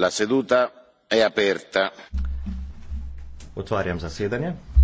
la seduta è aperta otvarjam zasedanje